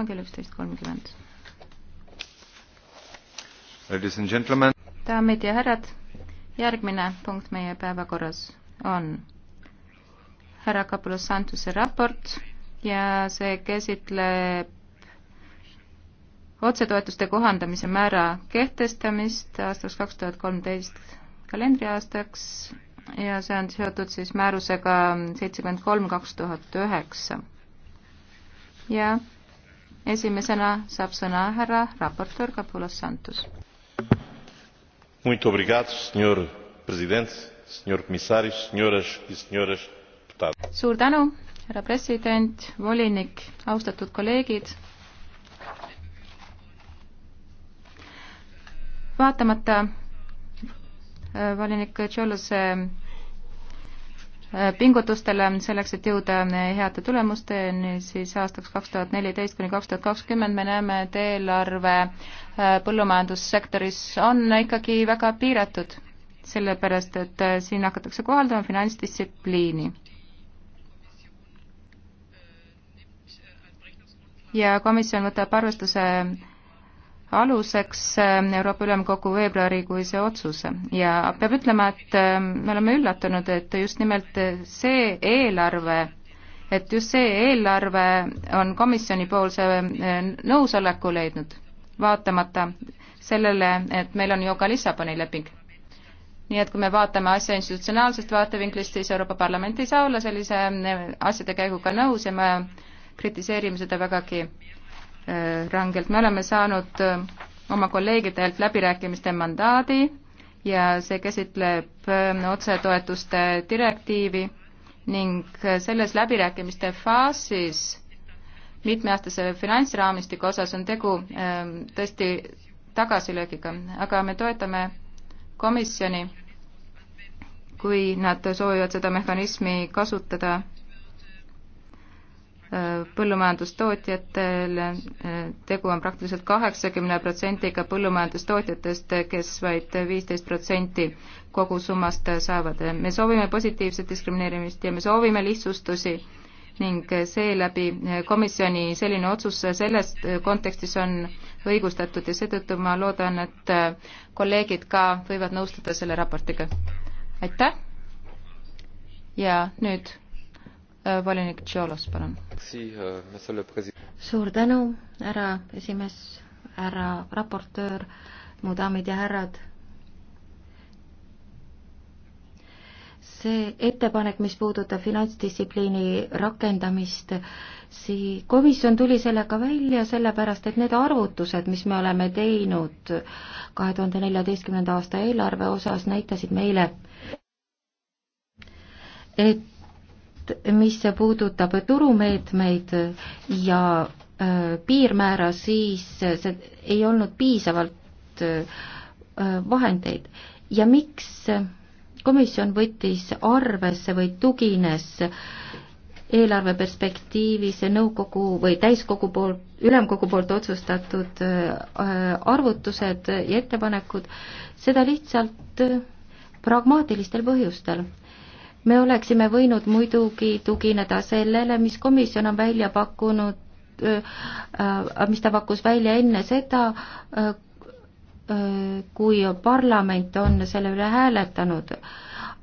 jätkama kell üksteist kolmkümmend. daamid ja härrad, järgmine punkt meie päevakorras on härra Kapolos Santuse raport ja see käsitleb otsetoetuste kohandamise määra kehtestamist aastaks kaks tuhat kolmteist kalendriaastaks ja see on seotud siis määrusega seitsekümmend kolm kaks tuhat üheksa. ja esimesena saab sõna härra raportöör Kapulas Santos. Muito obrigado, senhor presidente, senhor comissário, senhoras e senhores deputados. suur tänu, härra president, volinik, austatud kolleegid. vaatamata äh, volinik Tšolluse pingutustele selleks, et jõuda heade tulemusteni, siis aastaks kaks tuhat neliteist kuni kaks tuhat kakskümmend me näeme, et eelarve äh, põllumajandussektoris on ikkagi väga piiratud, sellepärast et äh, siin hakatakse kohaldama finantsdistsipliini. ja komisjon võtab arvestuse aluseks ähm, Euroopa Ülemkogu veebruarikuise otsuse ja peab ütlema, et ähm, me oleme üllatunud, et just nimelt see eelarve, et just see eelarve on komisjonipoolse ähm, nõusoleku leidnud, vaatamata sellele, et meil on ju ka Lissaboni leping nii et kui me vaatame asja institutsionaalsest vaatevinklist, siis Euroopa Parlament ei saa olla sellise asjade käiguga nõus ja me kritiseerime seda vägagi Äh, rangelt. me oleme saanud äh, oma kolleegidelt läbirääkimiste mandaadi ja see käsitleb äh, otsetoetuste direktiivi ning selles läbirääkimiste faasis mitmeaastase finantsraamistiku osas on tegu tõesti tagasilöögiga, aga me toetame komisjoni, kui nad soovivad seda mehhanismi kasutada põllumajandustootjatel, tegu on praktiliselt kaheksakümne protsendiga põllumajandustootjatest, kes vaid viisteist protsenti kogusummast saavad. me soovime positiivset diskrimineerimist ja me soovime lihtsustusi ning seeläbi komisjoni selline otsus selles kontekstis on õigustatud ja seetõttu ma loodan, et kolleegid ka võivad nõustuda selle raportiga. aitäh ja nüüd Äh, volinik Tšiolos, palun. Äh, suur tänu, härra esimees, härra raportöör, mu daamid ja härrad. see ettepanek, mis puudutab finantsdistsipliini rakendamist, sii-, komisjon tuli sellega välja sellepärast, et need arvutused, mis me oleme teinud kahe tuhande neljateistkümnenda aasta eelarve osas, näitasid meile, et mis puudutab turumeetmeid ja äh, piirmäära, siis see ei olnud piisavalt äh, vahendeid ja miks komisjon võttis arvesse või tugines eelarveperspektiivis nõukogu või täiskogu poolt, ülemkogu poolt otsustatud äh, arvutused ja ettepanekud, seda lihtsalt pragmaatilistel põhjustel me oleksime võinud muidugi tugineda sellele, mis komisjon on välja pakkunud, äh, mis ta pakkus välja enne seda, kui parlament on selle üle hääletanud,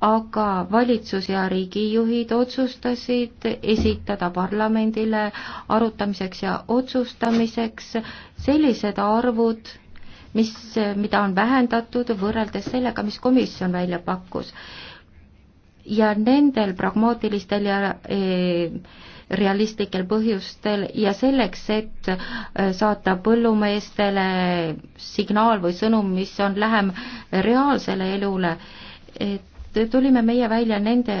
aga valitsus ja riigijuhid otsustasid esitada parlamendile arutamiseks ja otsustamiseks sellised arvud, mis, mida on vähendatud võrreldes sellega, mis komisjon välja pakkus ja nendel pragmaatilistel ja e, realistlikel põhjustel ja selleks, et eh, saata põllumeestele signaal või sõnum, mis on lähem reaalsele elule, et tulime meie välja nende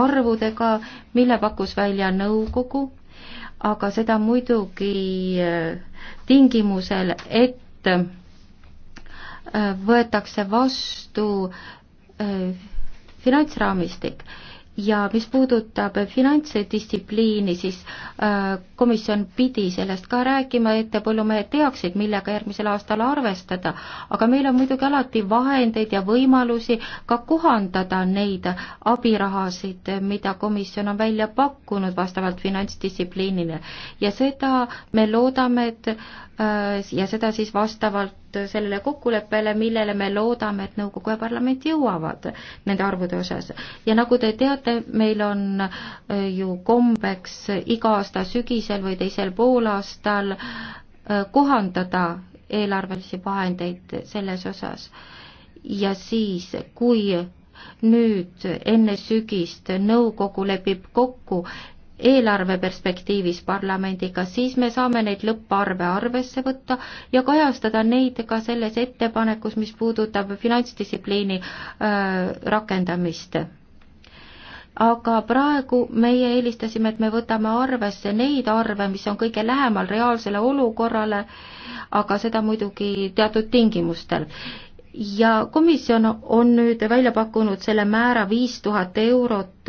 arvudega, mille pakkus välja nõukogu, aga seda muidugi eh, tingimusel, et võetakse vastu finantsraamistik ja mis puudutab finantsdistsipliini, siis äh, komisjon pidi sellest ka rääkima, et põllumehed teaksid, millega järgmisel aastal arvestada. aga meil on muidugi alati vahendeid ja võimalusi ka kohandada neid abirahasid, mida komisjon on välja pakkunud vastavalt finantsdistsipliinile ja seda me loodame, et Äh, ja seda siis vastavalt sellele kokkuleppele, millele me loodame, et nõukogu ja parlament jõuavad nende arvude osas. ja nagu te teate, meil on äh, ju kombeks iga aasta sügisel või teisel poolaastal äh, kohandada eelarvelisi vahendeid selles osas. ja siis, kui nüüd enne sügist nõukogu lepib kokku eelarveperspektiivis parlamendiga, siis me saame neid lõpparve arvesse võtta ja kajastada neid ka selles ettepanekus, mis puudutab finantsdistsipliini äh, rakendamist aga praegu meie eelistasime, et me võtame arvesse neid arve, mis on kõige lähemal reaalsele olukorrale, aga seda muidugi teatud tingimustel. ja komisjon on nüüd välja pakkunud selle määra viis tuhat eurot,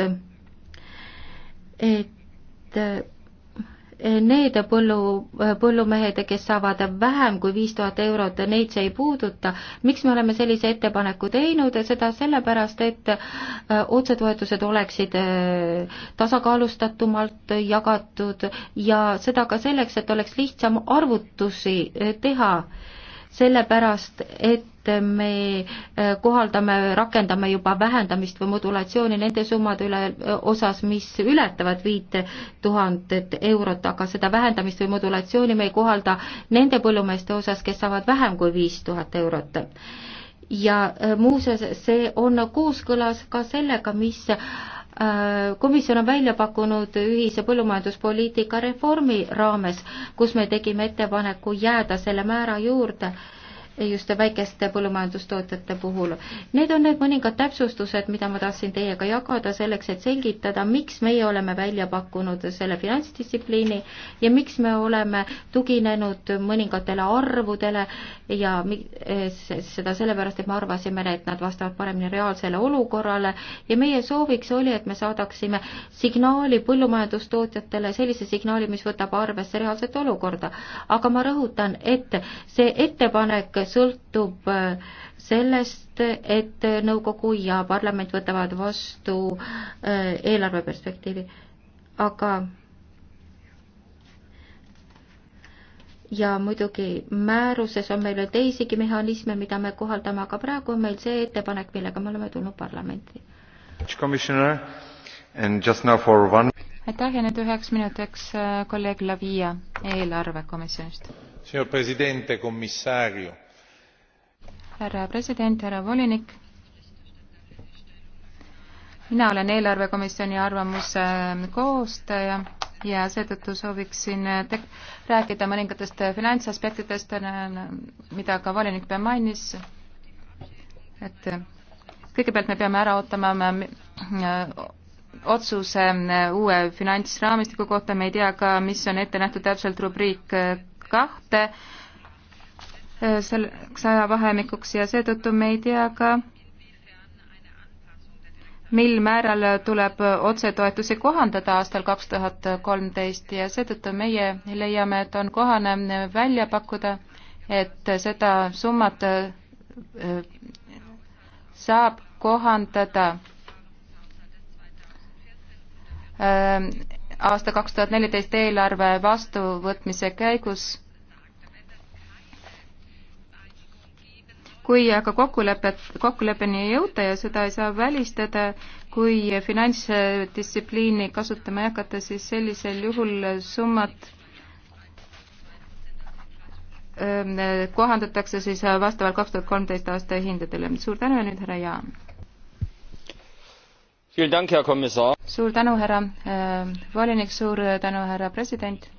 et et eh, need põllu, eh, põllumehed, kes saavad vähem kui viis tuhat eurot, neid see ei puuduta. miks me oleme sellise ettepaneku teinud, seda sellepärast, et eh, otsetoetused oleksid tasakaalustatumalt jagatud ja seda ka selleks, et oleks lihtsam arvutusi teha sellepärast et me eh, kohaldame, rakendame juba vähendamist või modulatsiooni nende summade üle eh, osas, mis ületavad viite tuhandet eurot, aga seda vähendamist või modulatsiooni me ei kohalda nende põllumeeste osas, kes saavad vähem kui viis tuhat eurot ja eh, muuseas, see on kooskõlas ka sellega, mis Äh, komisjon on välja pakkunud ühise põllumajanduspoliitika reformi raames, kus me tegime ettepaneku jääda selle määra juurde just väikeste põllumajandustootjate puhul. Need on need mõningad täpsustused, mida ma tahtsin teiega jagada selleks, et selgitada, miks meie oleme välja pakkunud selle finantsdistsipliini ja miks me oleme tuginenud mõningatele arvudele ja eh, seda sellepärast, et me arvasime, et nad vastavad paremini reaalsele olukorrale ja meie sooviks oli, et me saadaksime signaali põllumajandustootjatele, sellise signaali, mis võtab arvesse reaalset olukorda. aga ma rõhutan, et see ettepanek sõltub äh, sellest, et nõukogu ja parlament võtavad vastu äh, eelarveperspektiivi, aga ja muidugi määruses on meil ju teisigi mehhanisme, mida me kohaldame, aga praegu on meil see ettepanek, millega me oleme tulnud parlamenti. aitäh ja nüüd üheks minutiks äh, kolleeg Lavia eelarvekomisjonist härra president, härra volinik. mina olen eelarvekomisjoni arvamuse ähm, koostaja ja seetõttu sooviksin äh, rääkida mõningatest äh, finantsaspektidest, äh, mida ka volinik mainis. et kõigepealt me peame ära ootama otsuse uue finantsraamistiku kohta, me ei tea ka, mis on ette nähtud täpselt rubriik kahte Äh, selleks ajavahemikuks ja seetõttu me ei tea ka, mil määral tuleb otsetoetusi kohandada aastal kaks tuhat kolmteist ja seetõttu meie leiame, et on kohane välja pakkuda, et seda summat äh, saab kohandada äh, aasta kaks tuhat neliteist eelarve vastuvõtmise käigus kui aga kokkulepet, kokkuleppeni ei jõuta ja seda ei saa välistada, kui finantsdistsipliini kasutama ei hakata, siis sellisel juhul summad ähm, kohandatakse siis vastavalt kaks tuhat kolmteist aasta hindadele. suur tänu ja nüüd härra Jaan. suur tänu, härra äh, volinik, suur tänu, härra president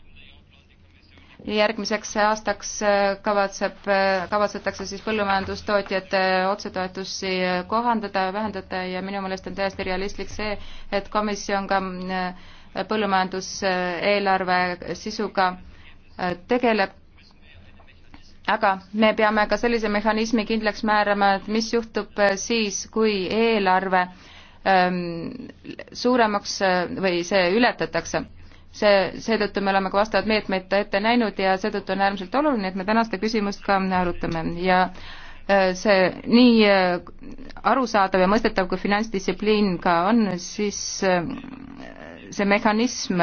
järgmiseks aastaks äh, kavatseb, äh, kavatsetakse siis põllumajandustootjate otsetoetusi äh, kohandada, vähendada ja minu meelest on täiesti realistlik see, et komisjon ka põllumajanduseelarve sisuga tegeleb. aga me peame ka sellise mehhanismi kindlaks määrama, et mis juhtub siis, kui eelarve ähm, suuremaks või see ületatakse see, seetõttu me oleme ka vastavad meetmed ette näinud ja seetõttu on äärmiselt oluline, et me tänast küsimust ka arutame ja äh, see nii äh, arusaadav ja mõistetav, kui finantsdistsipliin ka on, siis äh, see mehhanism,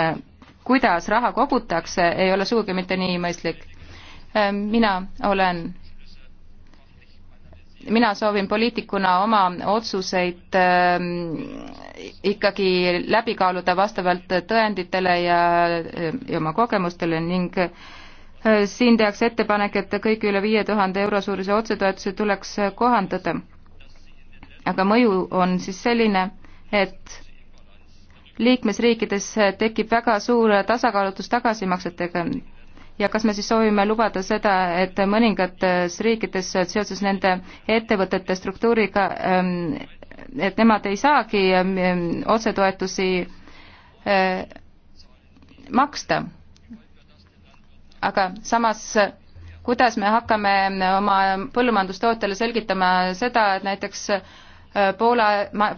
kuidas raha kogutakse, ei ole sugugi mitte nii mõistlik. mina olen mina soovin poliitikuna oma otsuseid ähm, ikkagi läbi kaaluda vastavalt tõenditele ja, ja oma kogemustele ning äh, siin tehakse ettepanek, et kõigi üle viie tuhande euro suuruse otsetoetuse tuleks kohandada. aga mõju on siis selline, et liikmesriikides tekib väga suur tasakaalutus tagasimaksetega ja kas me siis soovime lubada seda, et mõningates riikides seoses nende ettevõtete struktuuriga, ähm, et nemad ei saagi ähm, otsetoetusi äh, maksta. aga samas kuidas me hakkame oma põllumajandustootjale selgitama seda, et näiteks äh, Poola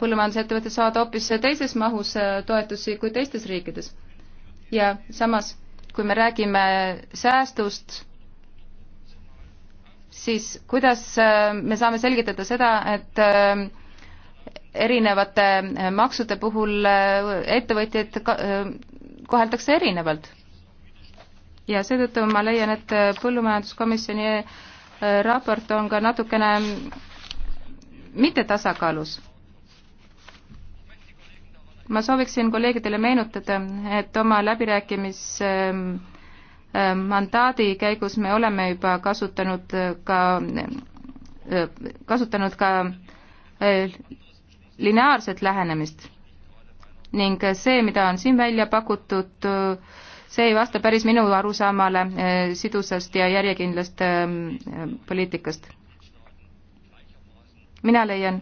põllumajandusettevõtted saavad hoopis teises mahus äh, toetusi kui teistes riikides. ja samas kui me räägime säästust, siis kuidas äh, me saame selgitada seda, et äh, erinevate äh, maksude puhul ettevõtjaid koheldakse erinevalt? ja seetõttu ma leian, et põllumajanduskomisjoni raport on ka natukene mitte tasakaalus ma sooviksin kolleegidele meenutada, et oma läbirääkimismandaadi ähm, ähm, käigus me oleme juba kasutanud ka, äh, kasutanud ka äh, lineaarset lähenemist ning see, mida on siin välja pakutud, see ei vasta päris minu arusaamale äh, sidusast ja järjekindlast ähm, poliitikast. mina leian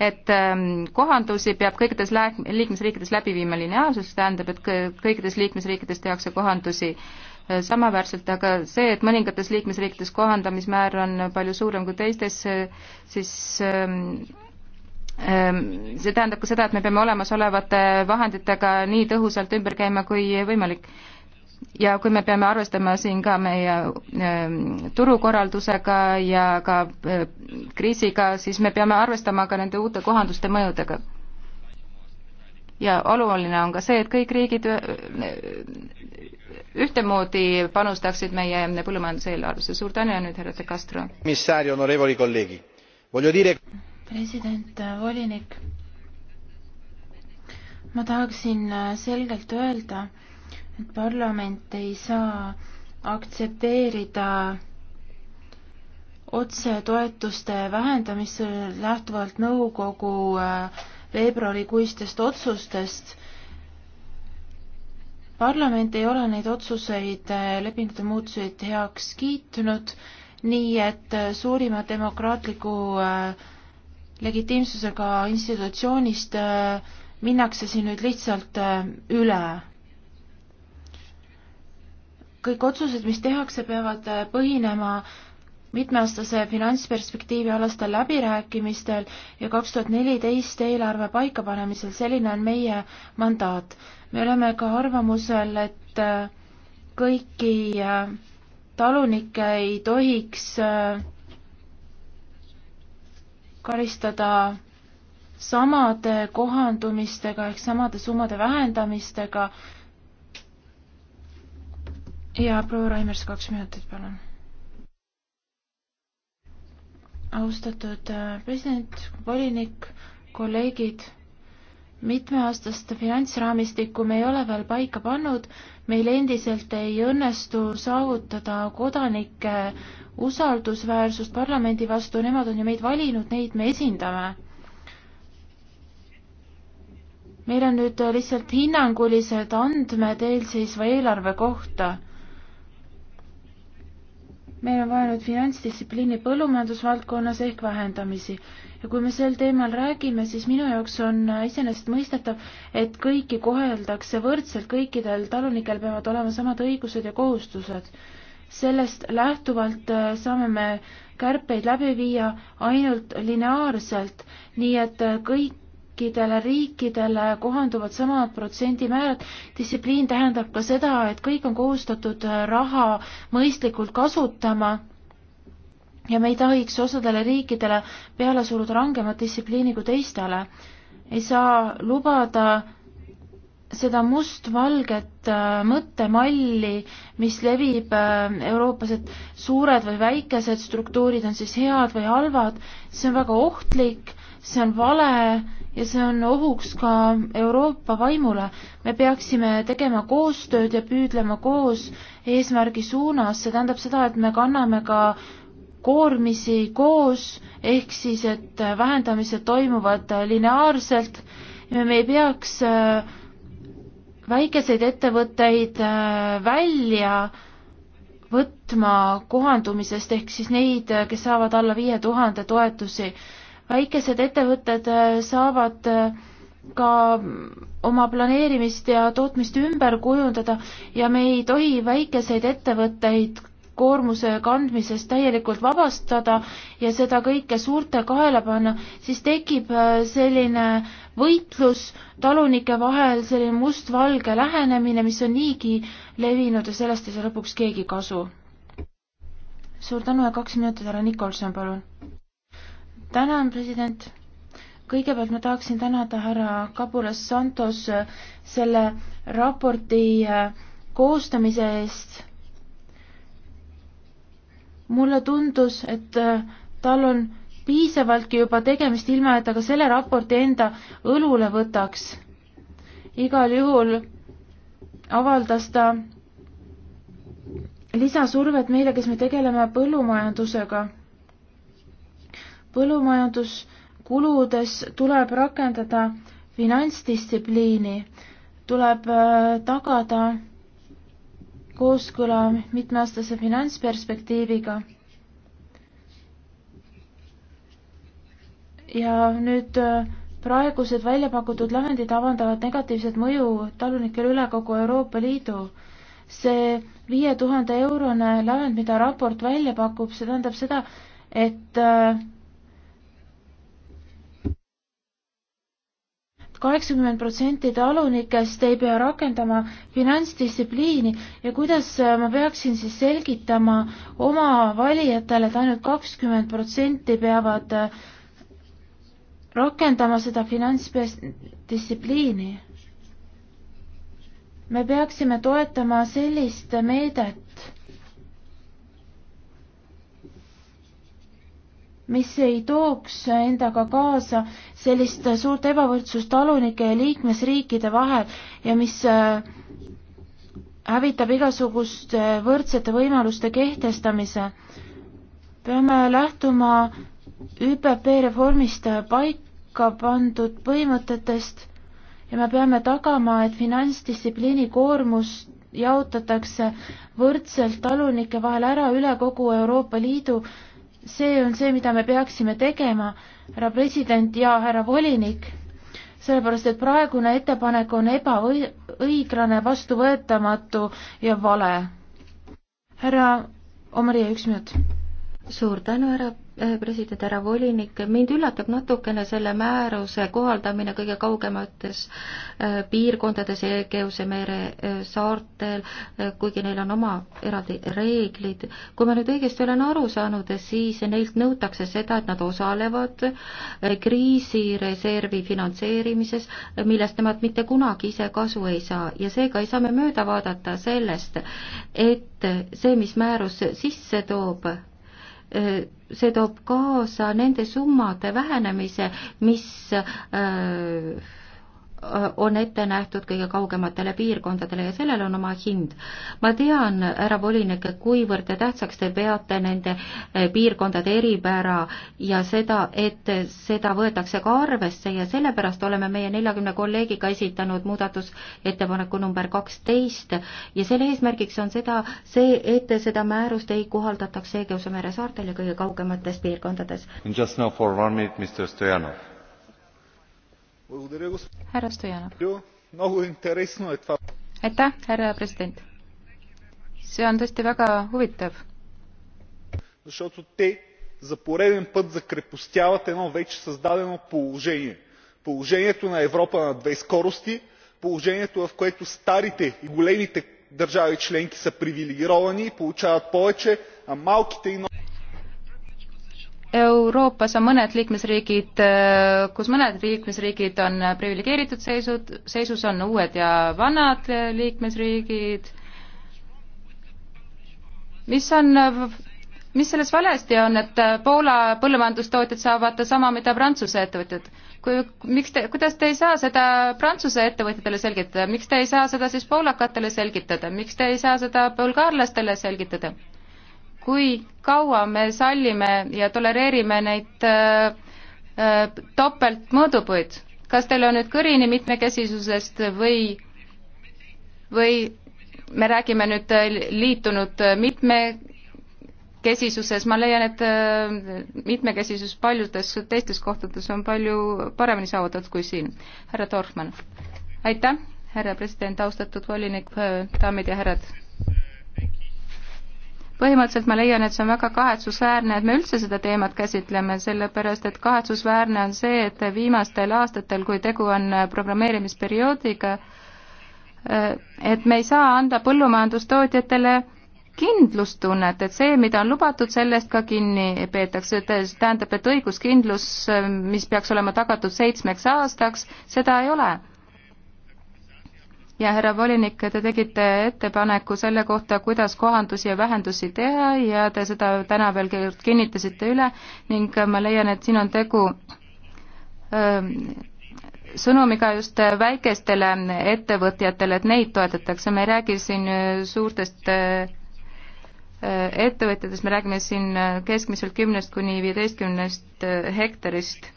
et ähm, kohandusi peab kõikides liikmesriikides läbi viima lineaarsus, tähendab, et kõikides liikmesriikides tehakse kohandusi äh, samaväärselt, aga see, et mõningates liikmesriikides kohandamismäär on palju suurem kui teistes, äh, siis ähm, ähm, see tähendab ka seda, et me peame olemasolevate vahenditega nii tõhusalt ümber käima kui võimalik ja kui me peame arvestama siin ka meie ähm, turukorraldusega ja ka äh, kriisiga, siis me peame arvestama ka nende uute kohanduste mõjudega. ja oluline on ka see, et kõik riigid äh, ühtemoodi panustaksid meie äh, põllumajanduseelarvesse. suur tänu ja nüüd härra De Castro. president, volinik, ma tahaksin selgelt öelda, parlament ei saa aktsepteerida otsetoetuste vähendamist lähtuvalt nõukogu äh, veebruarikuistest otsustest. parlament ei ole neid otsuseid, äh, lepingute muutuseid heaks kiitnud, nii et äh, suurima demokraatliku legitiimsusega institutsioonist minnakse siin nüüd lihtsalt üle kõik otsused, mis tehakse, peavad äh, põhinema mitmeaastase finantsperspektiivi alastel läbirääkimistel ja kaks tuhat neliteist eelarve paikapanemisel, selline on meie mandaat. me oleme ka arvamusel, et äh, kõiki äh, talunikke ei tohiks karistada samade kohandumistega ehk samade summade vähendamistega ja proua Raimers, kaks minutit, palun. austatud äh, president, volinik, kolleegid, mitmeaastast finantsraamistikku me ei ole veel paika pannud, meil endiselt ei õnnestu saavutada kodanike usaldusväärsust parlamendi vastu, nemad on ju meid valinud, neid me esindame meil on nüüd lihtsalt hinnangulised andmed eelseisva eelarve kohta meil on vaja nüüd finantsdistsipliini põllumajandusvaldkonnas ehk vähendamisi. ja kui me sel teemal räägime, siis minu jaoks on iseenesestmõistetav, et kõiki koheldakse võrdselt, kõikidel talunikel peavad olema samad õigused ja kohustused. sellest lähtuvalt äh, saame me kärpeid läbi viia ainult lineaarselt, nii et äh, kõik kõikidele riikidele kohanduvad samad protsendimäärad. distsipliin tähendab ka seda, et kõik on kohustatud äh, raha mõistlikult kasutama ja me ei tohiks osadele riikidele peale suruda rangemat distsipliini kui teistele. ei saa lubada seda mustvalget äh, mõttemalli, mis levib äh, Euroopas, et suured või väikesed struktuurid on siis head või halvad, see on väga ohtlik see on vale ja see on ohuks ka Euroopa vaimule. me peaksime tegema koostööd ja püüdlema koos eesmärgi suunas, see tähendab seda, et me kanname ka koormisi koos, ehk siis, et vähendamised toimuvad lineaarselt ja me ei peaks äh, väikeseid ettevõtteid äh, välja võtma kohandumisest, ehk siis neid, äh, kes saavad alla viie tuhande toetusi väikesed ettevõtted äh, saavad äh, ka oma planeerimist ja tootmist ümber kujundada ja me ei tohi väikeseid ettevõtteid koormuse kandmisest täielikult vabastada ja seda kõike suurte kaela panna, siis tekib äh, selline võitlus talunike vahel, selline mustvalge lähenemine, mis on niigi levinud ja sellest ei saa lõpuks keegi kasu. suur tänu ja kaks minutit, härra Nikolson, palun tänan, president. kõigepealt ma tahaksin tänada härra Kabulas Santos selle raporti äh, koostamise eest. mulle tundus, et äh, tal on piisavaltki juba tegemist, ilma et ta ka selle raporti enda õlule võtaks. igal juhul avaldas ta lisasurvet meile, kes me tegeleme põllumajandusega põllumajanduskuludes tuleb rakendada finantsdistsipliini, tuleb äh, tagada kooskõla mitmeaastase finantsperspektiiviga. ja nüüd äh, praegused välja pakutud lahendid avaldavad negatiivset mõju talunikele üle kogu Euroopa Liidu. see viie tuhande eurone lävend, mida raport välja pakub, see tähendab seda, et äh, kaheksakümmend protsenti talunikest ei pea rakendama finantsdistsipliini ja kuidas äh, ma peaksin siis selgitama oma valijatele, et ainult kakskümmend protsenti peavad äh, rakendama seda finantsdistsipliini. me peaksime toetama sellist meedet, mis ei tooks endaga kaasa sellist suurt ebavõrdsust talunike ja liikmesriikide vahel ja mis äh, hävitab igasuguste võrdsete võimaluste kehtestamise. peame lähtuma ÜPP reformist paika pandud põhimõtetest ja me peame tagama, et finantsdistsipliini koormus jaotatakse võrdselt talunike vahel ära üle kogu Euroopa Liidu see on see, mida me peaksime tegema, härra president ja härra volinik, sellepärast et praegune ettepanek on ebaõiglane, vastuvõetamatu ja vale. härra Omri, üks minut suur tänu, härra äh, president, härra volinik, mind üllatab natukene selle määruse kohaldamine kõige kaugemates äh, piirkondades, Egeuse mere äh, saartel, kuigi neil on oma eraldi reeglid. kui ma nüüd õigesti olen aru saanud, siis neilt nõutakse seda, et nad osalevad kriisireservi finantseerimises, millest nemad mitte kunagi ise kasu ei saa ja seega ei saa me mööda vaadata sellest, et see, mis määrus sisse toob, see toob kaasa nende summade vähenemise, mis äh, Äh, on ette nähtud kõige kaugematele piirkondadele ja sellel on oma hind. ma tean, härra volinik, kuivõrd tähtsaks te peate nende äh, piirkondade eripära ja seda, et seda võetakse ka arvesse ja sellepärast oleme meie neljakümne kolleegiga esitanud muudatusettepaneku number kaksteist ja selle eesmärgiks on seda, see, et seda määrust ei kohaldataks Egeuse mere saartel ja kõige kaugemates piirkondades. Just now for one minute, Mr Stojanov härra Stojanov. aitäh, härra president. see on tõesti väga huvitav. защото те за пореден път закрепостяват едно вече създадено положение. положението на европа на две скорости положението в което старите и големите държави членки са привилегировани и получават повече а малките и Euroopas on mõned liikmesriigid, äh, kus mõned liikmesriigid on priviligeeritud seisud, seisus on uued ja vanad liikmesriigid. mis on, mis selles valesti on, et Poola põllumajandustootjad saavad sama, mida Prantsuse ettevõtjad? kui, miks te, kuidas te ei saa seda Prantsuse ettevõtjatele selgitada, miks te ei saa seda siis poolakatele selgitada, miks te ei saa seda bulgaarlastele selgitada? kui kaua me sallime ja tolereerime neid äh, äh, topeltmõõdupuid, kas teil on nüüd kõrini mitmekesisusest või, või me räägime nüüd äh, liitunud mitmekesisuses, ma leian, et mitmekesisus paljudes teistes kohtades on palju paremini saavutatud kui siin. härra Torfmann. aitäh, härra president, austatud volinik, daamid ja härrad põhimõtteliselt ma leian, et see on väga kahetsusväärne, et me üldse seda teemat käsitleme, sellepärast et kahetsusväärne on see, et viimastel aastatel, kui tegu on äh, programmeerimisperioodiga, äh, et me ei saa anda põllumajandustootjatele kindlustunnet, et see, mida on lubatud, sellest ka kinni peetakse, et äh, see tähendab, et õiguskindlus, mis peaks olema tagatud seitsmeks aastaks, seda ei ole ja härra volinik, te tegite ettepaneku selle kohta, kuidas kohandusi ja vähendusi teha ja te seda täna veel kinnitasite üle ning ma leian, et siin on tegu ähm, sõnumiga just väikestele ettevõtjatele, et neid toetatakse, me ei räägi siin äh, suurtest äh, äh, ettevõtjatest, me räägime siin keskmiselt kümnest kuni viieteistkümnest hektarist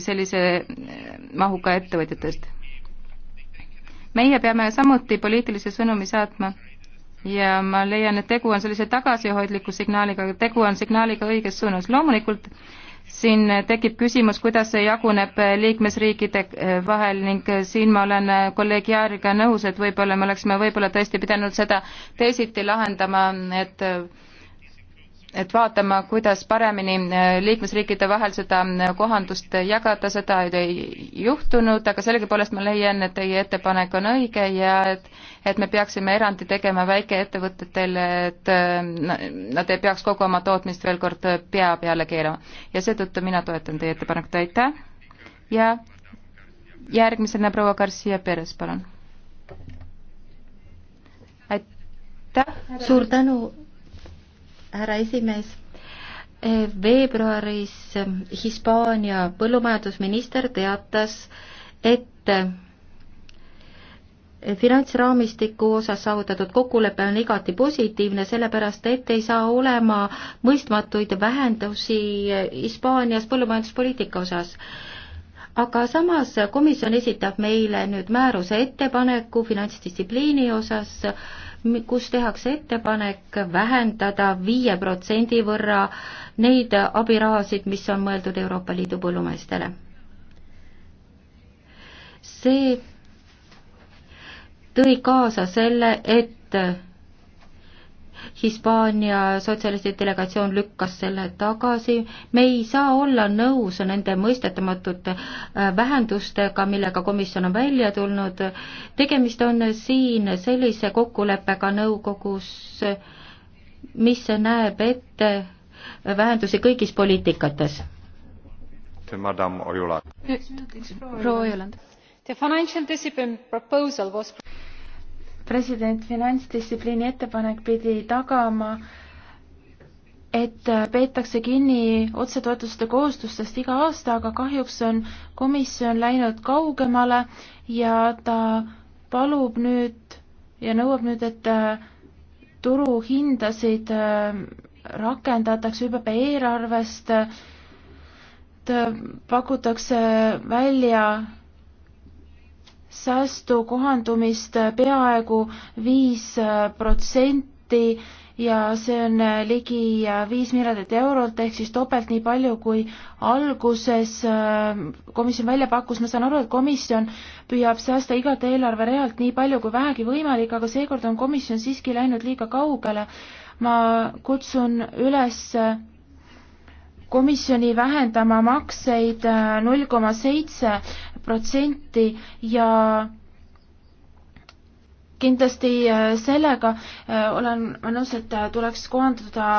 sellise mahuka ettevõtjatest meie peame samuti poliitilise sõnumi saatma ja ma leian, et tegu on sellise tagasihoidliku signaaliga, aga tegu on signaaliga õiges suunas. loomulikult siin tekib küsimus, kuidas see jaguneb liikmesriikide eh, vahel ning eh, siin ma olen eh, kolleeg Jaariga nõus, et võib-olla me oleksime võib-olla tõesti pidanud seda teisiti lahendama, et et vaatama, kuidas paremini äh, liikmesriikide vahel seda äh, kohandust jagada, seda ei juhtunud, aga sellegipoolest ma leian, et teie ettepanek on õige ja et et me peaksime erandi tegema väikeettevõtetele, et äh, nad ei peaks kogu oma tootmist veel kord pea peale keerama. ja seetõttu mina toetan teie ettepanekut, aitäh! ja järgmisena proua Garcia Perez, palun! aitäh! suur tänu! härra esimees. Eh, veebruaris eh, Hispaania põllumajandusminister teatas, et eh, finantsraamistiku osas saavutatud kokkulepe on igati positiivne, sellepärast et ei saa olema mõistmatuid vähendusi Hispaanias põllumajanduspoliitika osas aga samas komisjon esitab meile nüüd määruse ettepaneku finantsdistsipliini osas äh, kus tehakse ettepanek vähendada viie protsendi võrra neid abirahasid, mis on mõeldud Euroopa Liidu põllumeestele. see tõi kaasa selle, et Hispaania sotsialistide delegatsioon lükkas selle tagasi. me ei saa olla nõus nende mõistetamatute äh, vähendustega, millega komisjon on välja tulnud. tegemist on siin sellise kokkuleppega nõukogus, mis näeb ette vähendusi kõigis poliitikates. Madam Ojuland. proua Ojuland. The financial discipline proposal was president, finantsdistsipliini ettepanek pidi tagama, et peetakse kinni otsetoetuste kohustustest iga aasta, aga kahjuks on komisjon läinud kaugemale ja ta palub nüüd ja nõuab nüüd, et äh, turuhindasid äh, rakendatakse ÜBB eelarvest, äh, pakutakse välja säästu kohandumist peaaegu viis protsenti ja see on ligi viis miljardit eurot ehk siis topelt nii palju, kui alguses ähm, komisjon välja pakkus, ma saan aru, et komisjon püüab säästa igalt eelarverealt nii palju kui vähegi võimalik, aga seekord on komisjon siiski läinud liiga kaugele. ma kutsun üles komisjoni vähendama makseid äh, null koma seitse protsenti ja kindlasti äh, sellega äh, olen ma nõus, et tuleks kohandada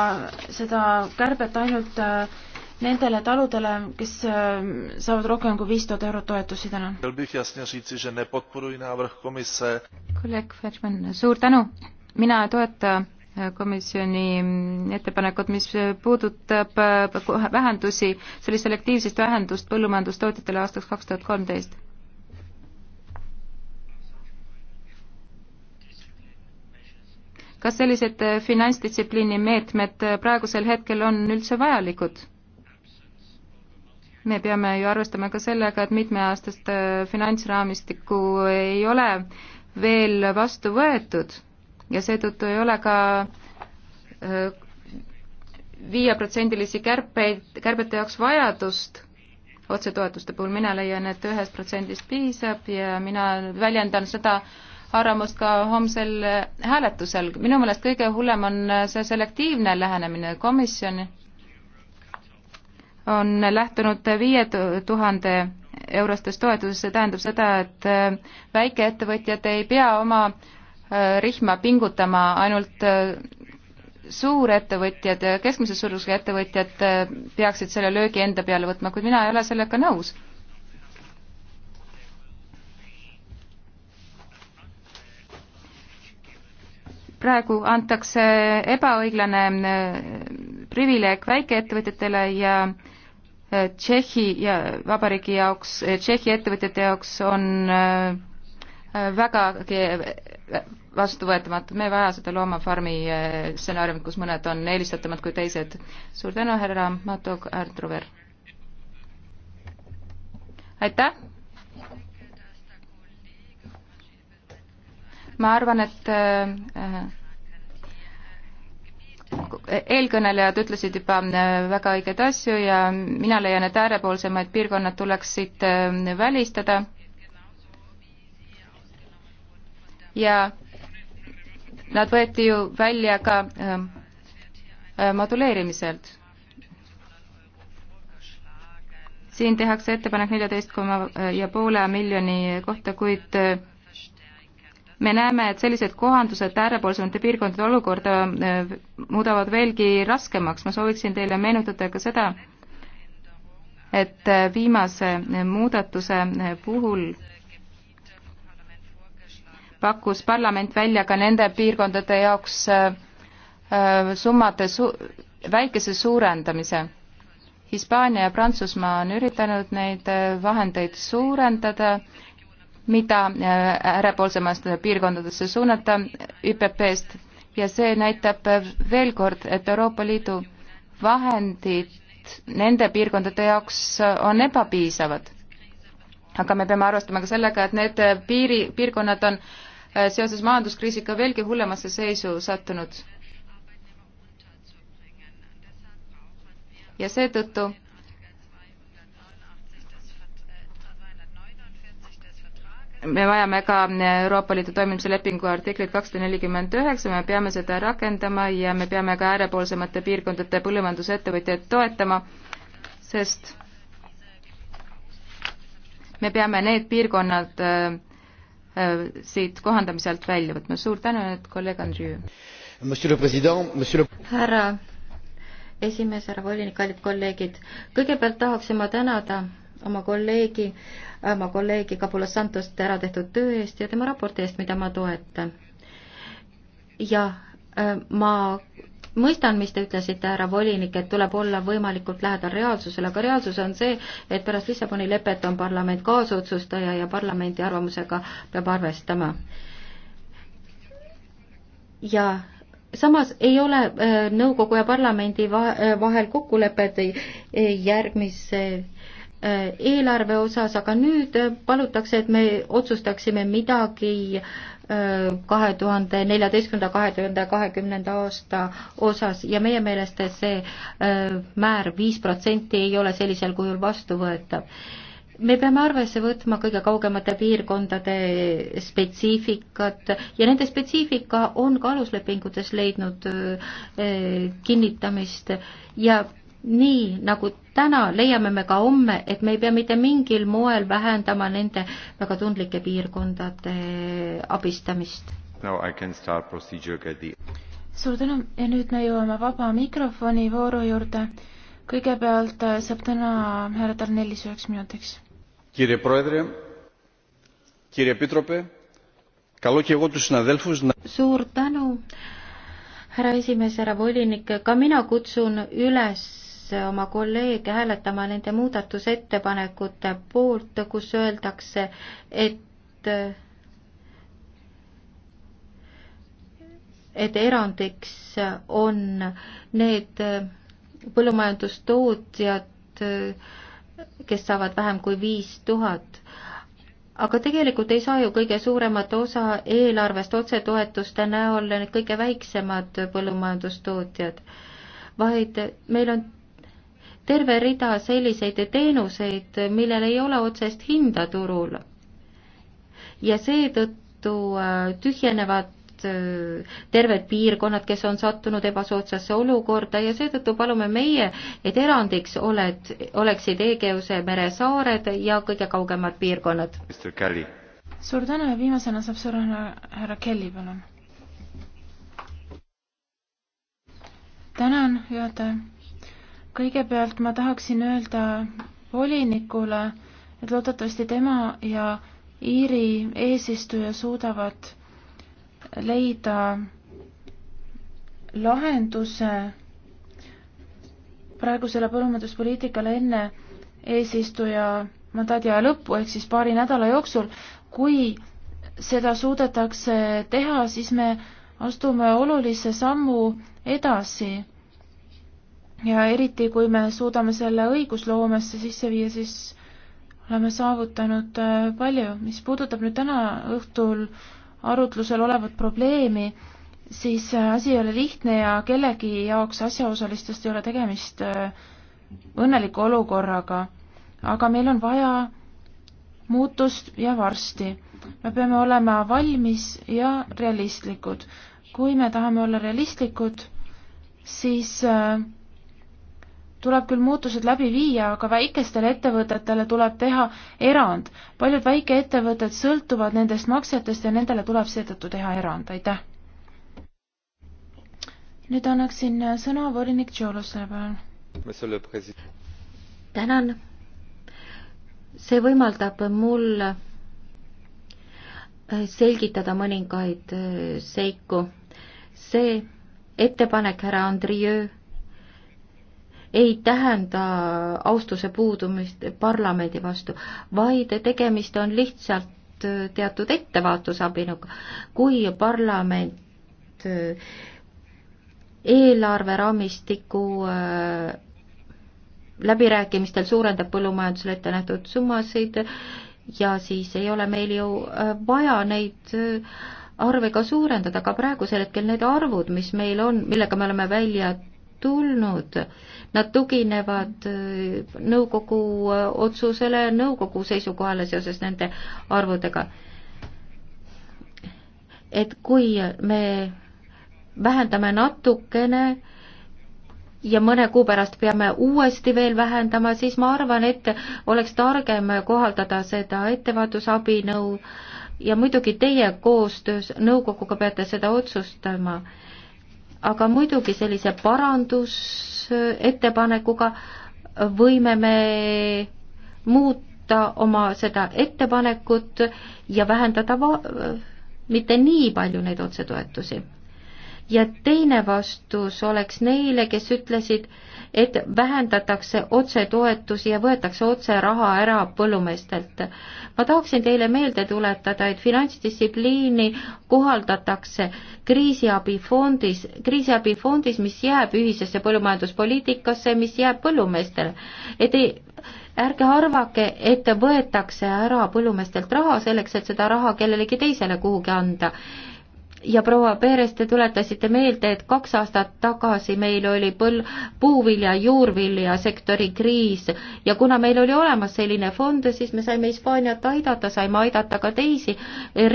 seda kärbet ainult nendele taludele, kes saavad rohkem kui viis tuhat eurot toetusi täna. kolleeg Fetšman, suur tänu, mina ei toeta komisjoni ettepanekut, mis puudutab vähendusi, see oli selektiivsest vähendust põllumajandustootjatele aastaks kaks tuhat kolmteist. kas sellised finantsdistsipliini meetmed praegusel hetkel on üldse vajalikud? me peame ju arvestama ka sellega, et mitmeaastast finantsraamistikku ei ole veel vastu võetud ja seetõttu ei ole ka viieprotsendilisi kärpeid, kärbete jaoks vajadust otsetoetuste puhul, mina leian, et ühest protsendist piisab ja mina väljendan seda arvamust ka homsel hääletusel. minu meelest kõige hullem on see selektiivne lähenemine, komisjon on lähtunud viie tuhande eurostes toetuses, see tähendab seda, et väikeettevõtjad ei pea oma Äh, rihma pingutama, ainult äh, suurettevõtjad ja keskmise suurusega ettevõtjad äh, peaksid selle löögi enda peale võtma, kuid mina ei ole sellega nõus. praegu antakse ebaõiglane privileeg väikeettevõtjatele ja Tšehhi ja vabariigi jaoks, Tšehhi ettevõtjate jaoks on vägagi vastuvõetamatu, me ei vaja seda loomafarmi eh, stsenaariumit, kus mõned on eelistatumad kui teised. suur tänu, härra Mato Ärtruver. aitäh. ma arvan, et eh, eh, eelkõnelejad ütlesid juba väga õigeid asju ja mina leian, et äärepoolsemaid piirkonnad tuleksid välistada ja Nad võeti ju välja ka ähm, äh, moduleerimiselt. siin tehakse ettepanek neljateist koma äh, ja poole miljoni kohta, kuid äh, me näeme, et sellised kohandused äärepoolsemate piirkondade olukorda muudavad veelgi raskemaks. ma sooviksin teile meenutada ka seda, et viimase muudatuse puhul pakkus parlament välja ka nende piirkondade jaoks äh, äh, summade su-, väikese suurendamise. Hispaania ja Prantsusmaa on üritanud neid äh, vahendeid suurendada, mida äärepoolsemasse piirkondadesse suunata ÜPP-st ja see näitab veel kord, et Euroopa Liidu vahendid nende piirkondade jaoks on ebapiisavad. aga me peame arvestama ka sellega, et need piiri, piirkonnad on äh, Äh, seoses majanduskriisiga veelgi hullemasse seisu sattunud. ja seetõttu me vajame ka Euroopa Liidu toimimise lepingu artiklit kakssada nelikümmend üheksa, me peame seda rakendama ja me peame ka äärepoolsemate piirkondade põllumajandusettevõtjaid toetama, sest me peame need piirkonnad äh, Äh, siit kohandamise alt välja võtma. suur tänu, et kolleeg Andrei. härra esimees, härra volinik, kallid kolleegid, kõigepealt tahaksin ma tänada oma kolleegi, äh, oma kolleegi Kabulas Santost ära tehtud töö eest ja tema raporti eest, mida ma toetan. ja äh, ma mõistan, mis te ütlesite, härra volinik, et tuleb olla võimalikult lähedal reaalsusele, aga reaalsus on see, et pärast Lissaboni lepet on parlament kaasotsustaja ja parlamendi arvamusega peab arvestama. ja samas ei ole äh, nõukogu ja parlamendi äh, vahel kokkulepet äh, järgmise Äh, eelarve osas, aga nüüd äh, palutakse, et me otsustaksime midagi äh, kahe tuhande neljateistkümnenda, kahe tuhande kahekümnenda aasta osas ja meie meelest see määr viis protsenti ei ole sellisel kujul vastuvõetav me peame arvesse võtma kõige kaugemate piirkondade spetsiifikat ja nende spetsiifika on ka aluslepingutes leidnud kinnitamist ja nii nagu täna, leiame me ka homme, et me ei pea mitte mingil moel vähendama nende väga tundlike piirkondade abistamist no,. The... suur tänu ja nüüd me jõuame vaba mikrofoni vooru juurde. kõigepealt äh, saab täna härra Tarnelis üheks minutiks. Kirje Proedre, Kirje Pitrope, Kaloki Otus Nadelfus. suur tänu, härra esimees, härra volinik, ka mina kutsun üles oma kolleege hääletama nende muudatusettepanekute poolt, kus öeldakse, et et erandiks on need põllumajandustootjad, kes saavad vähem kui viis tuhat aga tegelikult ei saa ju kõige suuremat osa eelarvest otsetoetuste näol need kõige väiksemad põllumajandustootjad, vaid meil on terve rida selliseid teenuseid, millel ei ole otsest hinda turul. ja seetõttu äh, tühjenevad äh, terved piirkonnad, kes on sattunud ebasoodsasse olukorda ja seetõttu palume meie, et erandiks oled, oleksid Egeuse mere saared ja kõige kaugemad piirkonnad. suur tänu ja viimasena saab sõna härra Kelly, palun. tänan, juhataja kõigepealt ma tahaksin öelda volinikule, et loodetavasti tema ja Iiri eesistuja suudavad leida lahenduse praegusele põllumajanduspoliitikale enne eesistuja mandaadi aja lõppu ehk siis paari nädala jooksul. kui seda suudetakse teha, siis me astume olulise sammu edasi ja eriti, kui me suudame selle õigusloomesse sisse viia, siis oleme saavutanud äh, palju. mis puudutab nüüd täna õhtul arutlusel olevat probleemi, siis äh, asi ei ole lihtne ja kellegi jaoks asjaosalistest ei ole tegemist äh, õnneliku olukorraga. aga meil on vaja muutust ja varsti. me peame olema valmis ja realistlikud. kui me tahame olla realistlikud, siis äh, tuleb küll muutused läbi viia, aga väikestele ettevõtetele tuleb teha erand. paljud väikeettevõtted sõltuvad nendest maksetest ja nendele tuleb seetõttu teha erand, aitäh. nüüd annaksin sõna volinik Tšolosele, palun. tänan. see võimaldab mul äh, selgitada mõningaid äh, seiku. see ettepanek härra Andrieu ei tähenda austuse puudumist parlamendi vastu, vaid tegemist on lihtsalt äh, teatud ettevaatusabinuga. kui parlament äh, eelarveraamistiku äh, läbirääkimistel suurendab põllumajandusele ette nähtud summasid ja siis ei ole meil ju vaja neid arve ka suurendada, aga praegusel hetkel need arvud, mis meil on, millega me oleme välja tulnud. Nad tuginevad äh, nõukogu äh, otsusele, nõukogu seisukohale seoses nende arvudega. et kui me vähendame natukene ja mõne kuu pärast peame uuesti veel vähendama, siis ma arvan, et oleks targem kohaldada seda ettevaatusabinõu ja muidugi teie koostöös nõukoguga peate seda otsustama aga muidugi sellise parandusettepanekuga võime me muuta oma seda ettepanekut ja vähendada va-, mitte nii palju neid otsetoetusi. ja teine vastus oleks neile, kes ütlesid, et vähendatakse otsetoetusi ja võetakse otse raha ära põllumeestelt. ma tahaksin teile meelde tuletada, et finantsdistsipliini kohaldatakse kriisiabifondis, kriisiabifondis, mis jääb ühisesse põllumajanduspoliitikasse, mis jääb põllumeestele. et ei, ärge arvake, et võetakse ära põllumeestelt raha selleks, et seda raha kellelegi teisele kuhugi anda ja proua Peeres, te tuletasite meelde, et kaks aastat tagasi meil oli põl-, puuvilja, juurviljasektori kriis ja kuna meil oli olemas selline fond, siis me saime Hispaaniat aidata, saime aidata ka teisi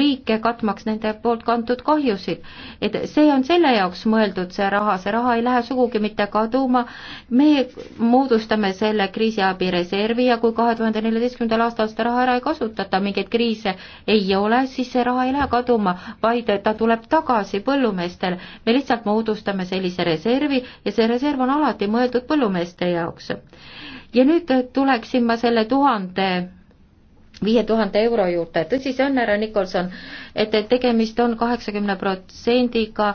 riike, katmaks nende poolt kantud kahjusid. et see on selle jaoks mõeldud, see raha, see raha ei lähe sugugi mitte kaduma, me moodustame selle kriisiabireservi ja kui kahe tuhande neljateistkümnendal aastal seda raha ära ei kasutata, mingeid kriise ei ole, siis see raha ei lähe kaduma, vaid ta tuleb tuleb tagasi põllumeestel. me lihtsalt moodustame sellise reservi ja see reserv on alati mõeldud põllumeeste jaoks. ja nüüd tuleksin ma selle tuhande viie tuhande euro juurde, tõsi see on, härra Nikolson, et tegemist on kaheksakümne protsendiga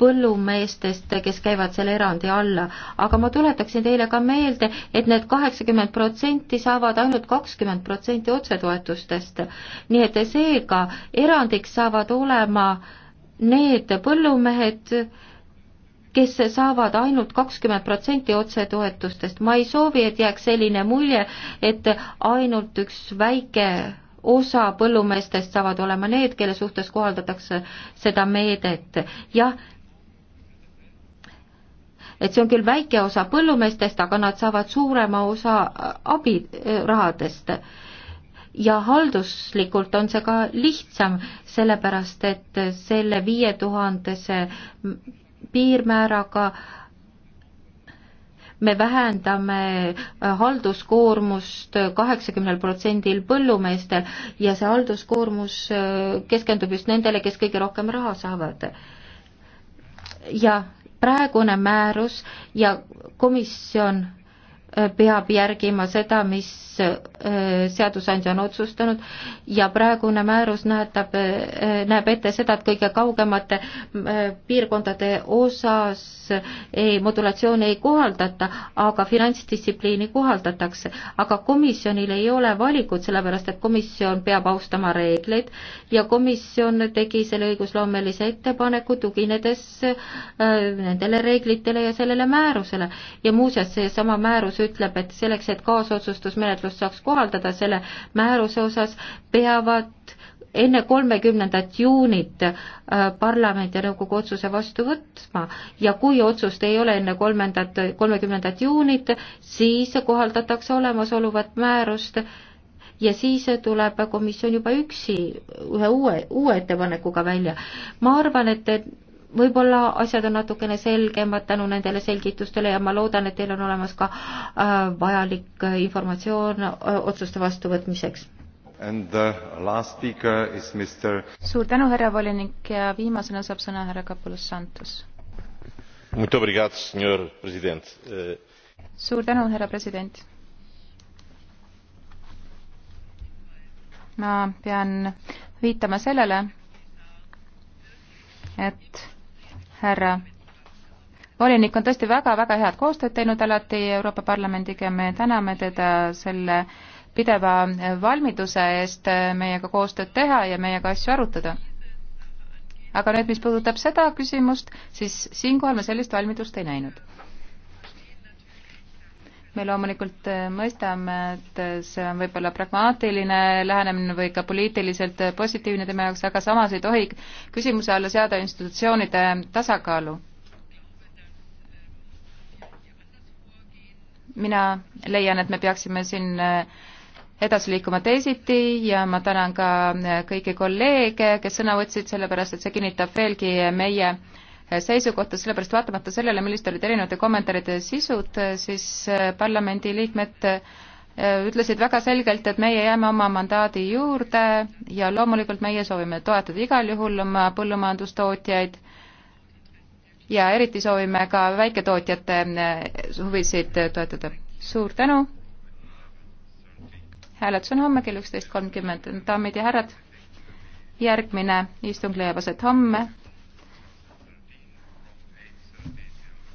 põllumeestest, kes käivad selle erandi alla, aga ma tuletaksin teile ka meelde, et need kaheksakümmend protsenti saavad ainult kakskümmend protsenti otsetoetustest. nii et seega erandiks saavad olema äh, need põllumehed, kes saavad ainult kakskümmend protsenti otsetoetustest, ma ei soovi, et jääks selline mulje, et ainult üks väike osa põllumeestest saavad olema need, kelle suhtes kohaldatakse seda meedet. jah, et see on küll väike osa põllumeestest, aga nad saavad suurema osa abirahadest eh, äh, ja halduslikult on see ka lihtsam, sellepärast et selle viie tuhandese piirmääraga me vähendame halduskoormust kaheksakümnel protsendil põllumeestel ja see halduskoormus keskendub just nendele, kes kõige rohkem raha saavad. ja praegune määrus ja komisjon peab järgima seda, mis äh, seadusandja on otsustanud ja praegune määrus näetab, äh, näeb ette seda, et kõige kaugemate äh, piirkondade osas ei, modulatsiooni ei kohaldata, aga finantsdistsipliini kohaldatakse. aga komisjonil ei ole valikut, sellepärast et komisjon peab austama reegleid ja komisjon tegi selle õigusloomelise ettepaneku, tuginedes nendele reeglitele ja sellele määrusele. ja muuseas, seesama määrus määrus ütleb, et selleks, et kaasotsustusmenetlust saaks kohaldada selle määruse osas, peavad enne kolmekümnendat juunit äh, parlament ja nõukogu otsuse vastu võtma ja kui otsust ei ole enne kolmendat, kolmekümnendat juunit, siis kohaldatakse olemasolevat määrust ja siis tuleb komisjon juba üksi ühe uue, uue ettepanekuga välja. ma arvan, et võib-olla asjad on natukene selgemad tänu nendele selgitustele ja ma loodan, et teil on olemas ka äh, vajalik informatsioon äh, otsuste vastuvõtmiseks. Mister... suur tänu, härra volinik ja viimasena saab sõna härra Kapulus Santos. Eh, suur tänu, härra president. ma pean viitama sellele, et härra volinik on tõesti väga-väga head koostööd teinud alati Euroopa Parlamendiga ja me täname teda selle pideva valmiduse eest meiega koostööd teha ja meiega asju arutada. aga nüüd, mis puudutab seda küsimust, siis siinkohal ma sellist valmidust ei näinud me loomulikult äh, mõistame, et äh, see on võib-olla pragmaatiline lähenemine või ka poliitiliselt äh, positiivne tema jaoks, aga samas ei tohi küsimuse alla seada institutsioonide tasakaalu. mina leian, et me peaksime siin edasi liikuma teisiti ja ma tänan ka kõiki kolleege, kes sõna võtsid, sellepärast et see kinnitab veelgi meie äh, seisukohta, sellepärast vaatamata sellele, millised olid erinevate kommentaaride sisud, siis äh, parlamendiliikmed äh, ütlesid väga selgelt, et meie jääme oma mandaadi juurde ja loomulikult meie soovime toetada igal juhul oma põllumajandustootjaid ja eriti soovime ka väiketootjate äh, huvisid toetada. suur tänu! hääletus on homme kell üksteist kolmkümmend, daamid ja härrad, järgmine istung leiab aset homme